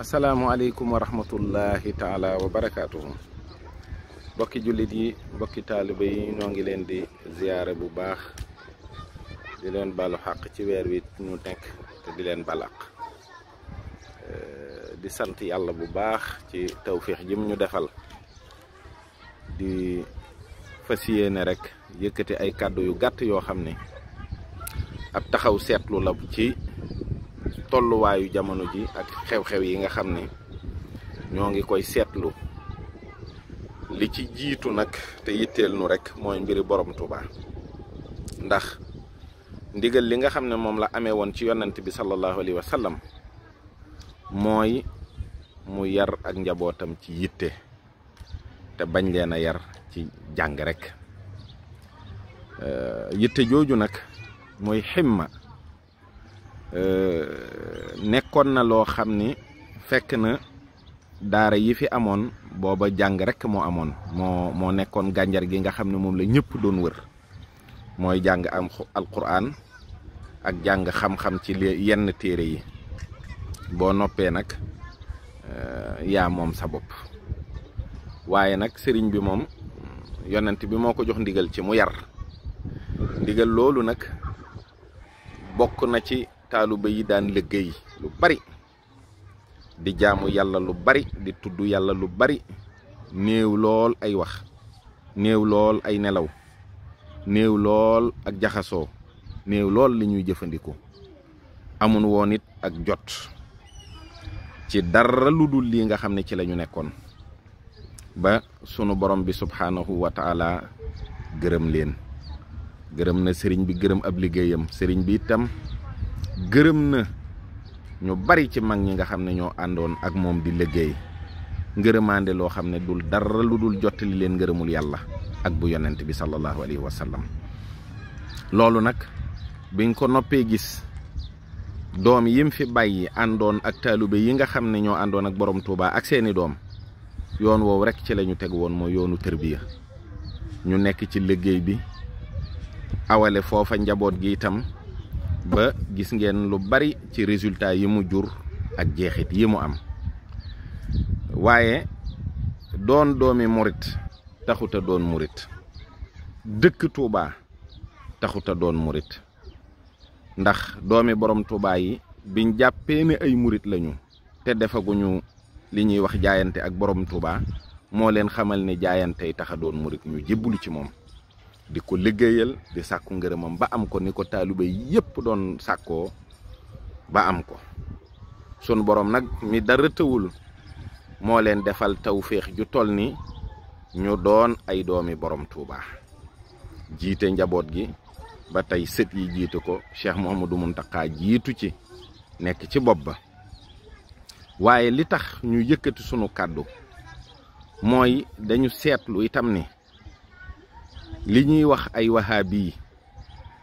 asalaamualeykum wa rahmatullahi taala wa barakaatu bokki jullit yi bokki taaliba yi ñoo ngi leen di ziyaare bu baax di leen balu xàq ci weer wi ñu nekk te di leen balaq eh, di sant yàlla bu baax ci tawféex jim ñu defal di fas yéene rek yëkkati ay kàddu yu gàtt yoo xam ni ab taxaw seetlu la ci tolluwaayu jamono ji ak xew-xew yi nga xam ni ñoo ngi koy seetlu li ci jiitu nag te yitteel nu rek mooy mbiri borom Tuuba ndax ndigal li nga xam ne moom la amee woon ci yonant bi sallallahu alayhi wa sallam mooy mu yar ak njabootam ci yitte te bañ leen a yar ci jàng rek yitte jooju nag mooy ximma Euh, nekkoon na loo xam ni fekk na daara yi fi amoon booba jàng rek moo amoon moo moo nekkoon gànjar gi nga xam ne moom la ñëpp doon wër mooy jàng am alquran ak jàng xam-xam ci yenn téere yi boo noppee nag euh, yaa moom sa bopp waaye nag sëriñ bi moom yonent bi moo ko jox ndigal ci mu yar ndigal loolu nag bokk na ci taalibe yi daan liggéey lu bari di jaamu yàlla lu bari di tudd yàlla lu bari néew lool ay wax néew lool ay nelaw néew lool ak jaxasoo néew lool li ñuy jëfandikoo amun woon it ak jot ci dara lu dul lii nga xam ne ci lañu nekkoon ba sunu borom bi subhaanahu wa gërëm leen gërëm na sëriñ bi gërëm ab liggéeyam sëriñ bi itam gërëm na ñu bari ci mag ñi nga xam ne ñoo àndoon ak moom di liggéey ngërëmaande loo xam ne dul dara lu dul jottali leen ngërëmul yàlla ak bu yonent bi sallallahu alayhi wa sallam loolu nag biñ ko noppee gis doom yim fi bàyyi àndoon ak taalibe yi nga xam ne ñoo àndoon ak borom Touba ak seeni doom yoon woow rek ci lañu ñu teg woon mooy yoonu tërbiya ñu nekk ci liggéey bi awale foofa njaboot gi itam ba gis ngeen lu bari ci résultat yi mu jur ak jeexit yi mu am waaye doon doomi murit taxuta doon murit dëkk Tuubaa taxuta doon murit ndax doomi borom Tuubaa yi biñ jàppee ni ay murit lañu te defaguñu li ñuy wax jaayante ak borom Tuubaa moo leen xamal ne jaayante yi taxa doon murit ñu jébbalu ci moom di ko liggéeyal di sàkku ngërëmam ba am ko ni ko taalibe yépp doon sàkkoo ba am ko sunu boroom nag mi dara tëwul moo leen defal tawféex ju tol ni ñu doon ay doomi boroom Touba jiite njaboot gi ba tey sët yi jiitu ko Cheikh Mouhamadou Mountakha jiitu ci nekk ci bopp ba waaye li tax ñu yëkkati sunu kàddu mooy dañu seetlu itam ni li ñuy wax ay wahabi yi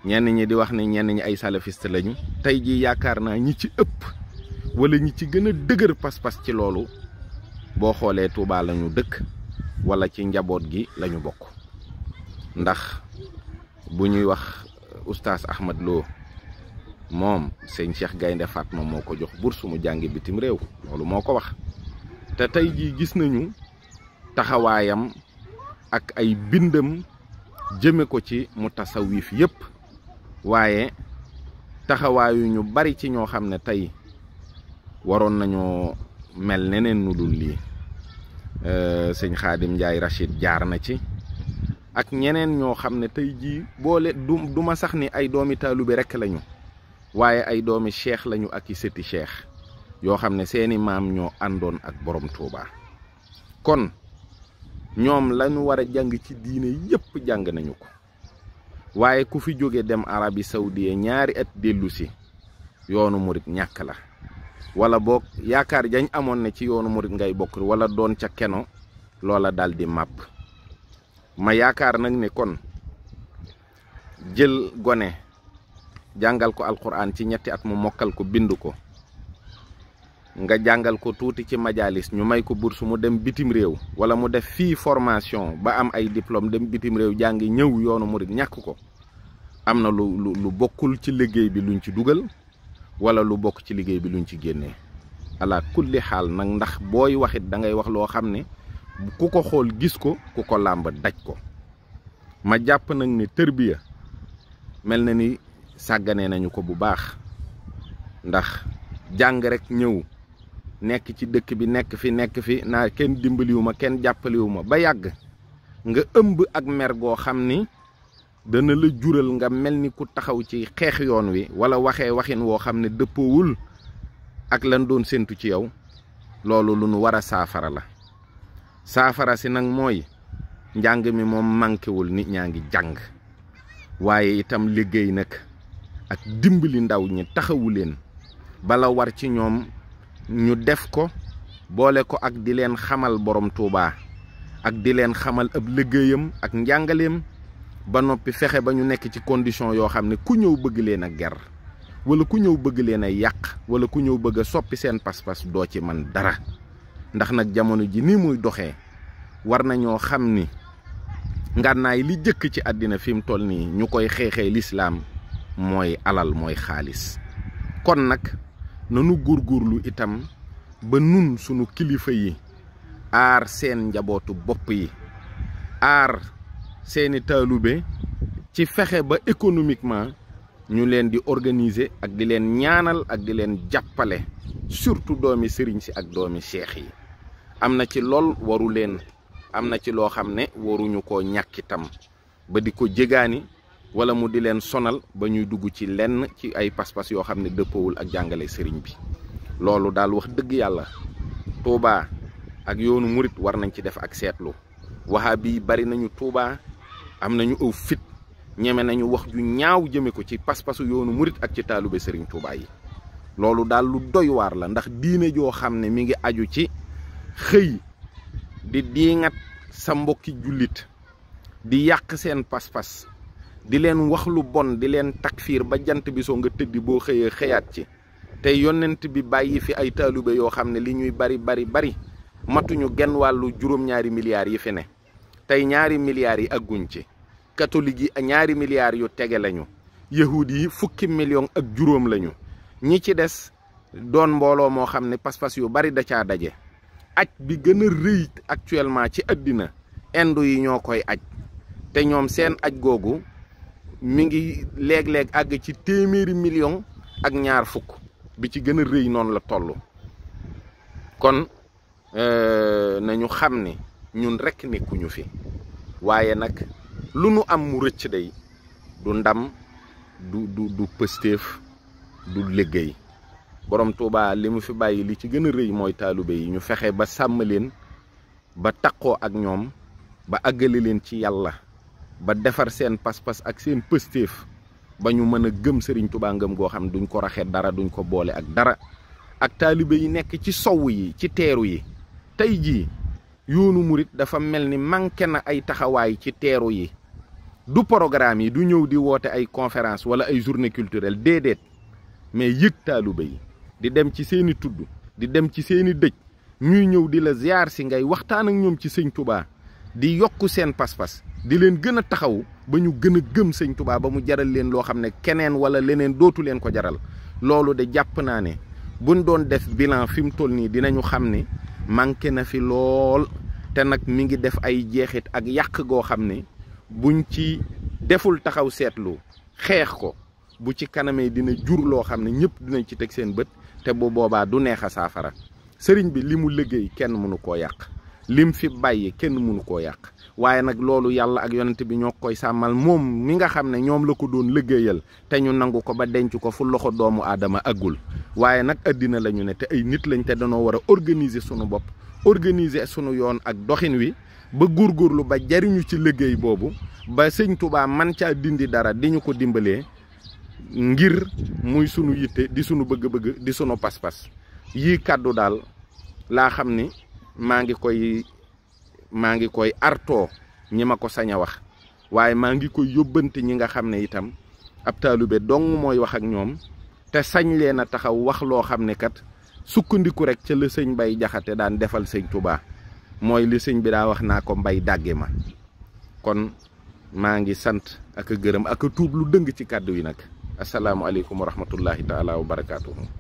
ñenn ñi di wax ne ñenn ñi ay salafiste lañu tey jii yaakaar naa ñi ci ëpp walla ñi ci gën a dëgër pas-pas ci loolu boo xoolee Touba lañu dëkk walla ci njaboot gi lañu bokk ndax bu ñuy wax oustaz Ahmad Lo moom seen Cheikh Gaynde Fatma moo ko jox bourse sumu jàngi bitim réew loolu moo ko wax te tey jii gis nañu taxawaayam ak ay bindam jëme ko ci mu tasawif yépp waaye taxawaayu ñu bari ci ñoo xam ne tey waroon nañoo mel neneen nu lii euh, sëñ xaadim njaay Rachid jaar na ci ak ñeneen ñoo xam ne tey jii boole du duma sax ni ay doomi taalibe rekk lañu waaye ay doomi cheikh lañu ak i sëti cheikh yoo xam ne seeni maam ñoo àndoon ak borom Touba kon ñoom lañu war a jàng ci diine yépp jàng nañu ko waaye ku fi jóge dem Arabie Saoudite ñaari at dellu si yoonu murit ñàkk la wala boog yaakaar jañ amoon na ci yoonu murit ngay bokk wala doon ca keno loola daldi màpp ma yaakaar nag ne kon jël gone jàngal ko alxuraan ci ñetti at mu mokkal ko bind ko nga jàngal ko tuuti ci majalis ñu may ko bourse mu dem bitim réew wala mu def fii formation ba am ay diplôme dem bitim réew jàngi ñëw yoonu murit ñàkk ko am na lu lu bokkul ci liggéey bi luñ ci dugal wala lu bokk ci liggéey bi luñ ci génnee ala kulli xaal nag ndax booy waxit dangay wax loo xam ne ku ko xool gis ko ku ko làmb daj ko ma jàpp nag ni tërbiya mel na ni sàgganee nañu ko bu baax ndax jàng rek ñëw nekk ci dëkk bi nekk fi nekk fi naa kenn dimbaliwu ma kenn jàppaliwu ma ba yàgg nga ëmb ak mergoo xam ni dana la jural nga mel ni ku taxaw ci xeex yoon wi wala waxee waxin woo xam ne dëppoowul ak lan doon séntu ci yow loolu lu nu war a saafara la saafara si nag mooy njàng mi moom mànkewul nit ñaa ngi jàng waaye itam liggéey nag ak dimbali ndaw ñi taxawu leen bala war ci ñoom ñu def ko boole ko ak di leen xamal borom Touba ak di leen xamal ab liggéeyam ak njàngaleem ba noppi fexe ba ñu nekk ci condition yoo xam ne ku ñëw bëgg leen a ger wala ku ñëw bëgg leen a yàq wala ku ñëw bëgg soppi seen pas-pas doo ci man dara ndax nag jamono ji ni muy doxee war nañoo xam ni ngànnaay li jëkk ci àddina fi mu toll nii ñu koy xeexee lislaam mooy alal mooy xaalis kon nag nanu góorgóorlu itam ba nun sunu kilifa yi aar seen njabootu bopp yi aar seeni taalube ci fexe ba économiquement ñu leen di organiser ak di leen ñaanal ak di leen jàppale surtout doomi sëriñ si ak doomi seex yi am na ci lool waru am na ci loo xam ne waruñu ko ñàkk itam ba di ko jégaani wala mu di leen sonal ba ñuy dugg ci lenn ci ay pas-pas yoo xam ne dëppoowul ak jàngale sëriñ bi loolu daal wax dëgg yàlla Touba ak yoonu murit war nañ ci def ak seetlu waxa bi bari nañu Touba am nañu aw fit ñeme nañu wax ju ñaaw jëme ko ci pas-pasu yoonu murit ak ci taalube sëriñ Touba yi loolu daal lu doy waar la ndax diine joo xam ne mi ngi aju ci xëy di diingat sa mbokki jullit di yàq seen pas-pas di leen wax lu bon di leen takfiir ba jant bi soo nga tëddi boo xëyee xëyaat ci te yonent bi bàyyi fi ay taalibe yoo xam ne li ñuy bari bari bari matuñu genn wàllu juróom-ñaari milliards yi fi ne tey ñaari milliards yi agguñ ci catholique yi ñaari milliards yu tege lañu yahudi yi fukki million ak juróom lañu ñi ci des doon mbooloo moo xam ne pas-pas yu bari da caa daje aj bi gën a rëy actuellement ci àddina indu yi ñoo koy aj te ñoom seen aj googu mi ngi léeg-léeg àgg ci téeméeri million ak ñaar fukk bi ci gën a rëy noonu la toll kon euh, nañu xam ni ñun rekk nekkuñu fi waaye nag lu nu am mu rëcc day du ndam du du du pëstéef du liggéey boroom Touba li mu fi bàyyi li ci gën a rëy mooy taalibe yi ñu fexe ba sàmm leen ba taqoo ak ñoom ba àggale leen ci yàlla ba defar seen pas-pas ak seen pëstéef ba ñu mën a gëm sëriñ tubaa ngëm goo xam duñ ko raxe dara duñ ko boole ak dara ak taalibe yi nekk ci sow yi ci teeru yi tey jii yoonu murit dafa mel ni manqué na ay taxawaay ci teeru yi du programme yi du ñëw di woote ay conférence wala ay journée culturelle déedéet mais yëg taalibe yi di dem ci seeni tudd di dem ci seeni dëj ñuy ñëw di la ziar si ngay waxtaan ak ñoom ci sëñ tubaa di yokk seen pas-pas di leen gën a taxaw ba ñu gën a gëm sëñ Tuubaa ba mu jaral leen loo xam ne keneen wala leneen dootu leen ko jaral loolu de jàpp naa ne buñ doon def bilan fi mu toll nii dinañu xam ni manqué na fi lool te nag mi ngi def ay jeexit ak yàq goo xam ne buñ ci deful taxaw seetlu xeex ko bu ci kanamee dina jur loo xam ne ñëpp dinañ ci teg seen bët te bu boobaa du neex a saafara sëriñ bi li mu liggéey kenn mënu koo yàq lim fi bàyyi kenn mënu koo yàq waaye nag loolu yàlla ak yonent bi ñoo koy sàmmal moom mi nga xam ne ñoom la ko doon liggéeyal te ñu nangu ko ba denc ko fu loxo doomu aadama aggul waaye nag àddina la ñu ne te ay nit lañ te danoo war a organiser sunu bopp organiser sunu yoon ak doxin wi ba guur góorgóorlu ba jariñu ci liggéey boobu ba sëñ Tuubaa man caa dindi dara di ñu ko dimbalee ngir muy sunu yitte di sunu bëgg-bëgg di sunu pas-pas yii kàddu daal laa xam ni maa ngi koy maa ngi koy artoo ñi ma ko sañ a wax waaye maa ngi koy yóbbante ñi nga xam ne itam ab taalube don mooy wax ak ñoom te sañ leen a taxaw wax loo xam ne kat sukkandiku rek ca la sëñ Bay Jaxate daan defal sëñ Tubaa mooy li sëñ bi daa wax naa ko mbay dàgge ma kon maa ngi sant ak a gërëm ak a tuub lu dëng ci kàddu yi nag asalaamualeykum wa rahmatullahi taala wa barakaatuhu